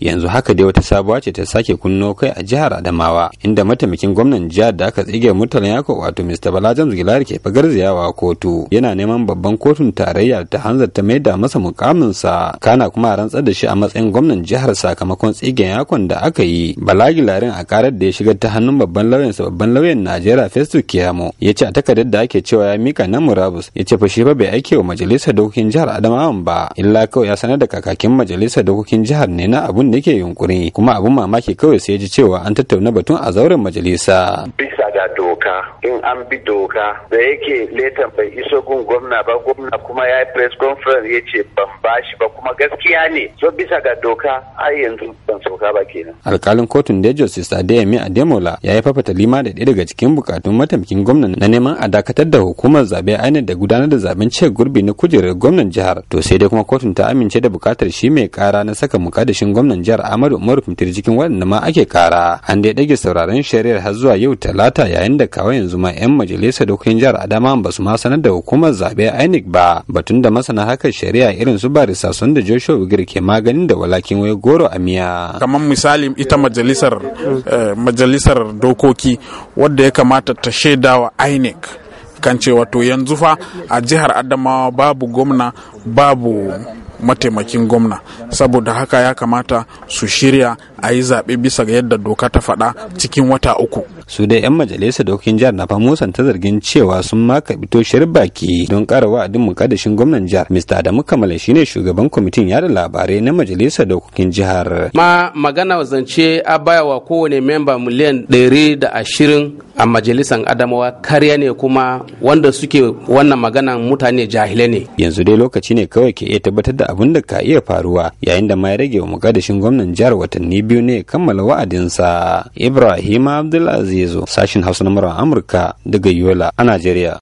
yanzu haka dai wata sabuwa ce ta sake kunno kai a jihar adamawa inda mataimakin gwamnan jihar da aka tsige murtala yako wato mr balajan gilari ke fagarziyawa kotu yana neman babban kotun tarayya ta hanzar ta da masa mukaminsa kana kuma rantsar da shi a matsayin gwamnan jihar sakamakon tsigen yakon da aka yi bala gilarin a karar da ya shiga ta hannun babban lauyansa babban lauyan najeriya festo kiyamo ya ce a takardar da ake cewa ya mika na murabus ya ce fa shi fa bai aike wa majalisar dokokin jihar Adamawa ba illa kawai ya sanar da kakakin majalisar dokokin jihar ne na abu da yake yunkuri kuma abin mamaki kawai sai ji cewa an tattauna batun a zauren majalisa. ga doka in an bi doka da yake letan bai iso gun gwamna ba gwamna kuma ya yi press conference ya ce ban bashi ba kuma gaskiya ne so bisa ga doka har yanzu ban sauka ba kenan alkalin kotun da justice adeyemi ademola ya yi fafata lima da ɗaya daga cikin bukatun mataimakin gwamnan na neman a dakatar da hukumar zabe aini da gudanar da zaben ce gurbi na kujerar gwamnan jihar to sai dai kuma kotun ta amince da bukatar shi mai kara na saka mukadashin gwamnan jihar ahmadu umaru fimtir cikin waɗanda ma ake kara an dai ɗage sauraron shari'ar har zuwa yau talata majalisa yayin da kawai yanzu ma 'yan majalisa dokokin jihar adama ba su ma sanar da hukumar zaɓe inec ba batun da masana haka shari'a irin su barisa sun da joshua wigir ke maganin da walakin waye goro a miya kamar misali ita majalisar eh, majalisar dokoki wadda ya kamata ta wa inec kan cewa to yanzu fa a jihar adama babu gwamna babu mataimakin gwamna saboda haka ya kamata su shirya a yi zaɓe bisa ga yadda doka ta faɗa cikin wata uku su dai 'yan majalisa dokin jihar na famusan ta zargin cewa sun maka bito shir baki don ƙara wa'adin mukaddashin gwamnan jihar mr adamu kamala shine shugaban kwamitin yada labarai na majalisa dokokin jihar ma magana zance a baya wa kowane memba miliyan ɗari da ashirin a majalisan adamawa karya ne kuma wanda suke wannan maganan mutane jahilai ne yanzu dai lokaci ne kawai ke iya tabbatar da abin da ka iya faruwa yayin da ma ya rage wa mukaddashin gwamnan jihar watanni biyu ne kammala wa'adinsa ibrahim abdulaziz sashin hausa na amurka daga yola a najeriya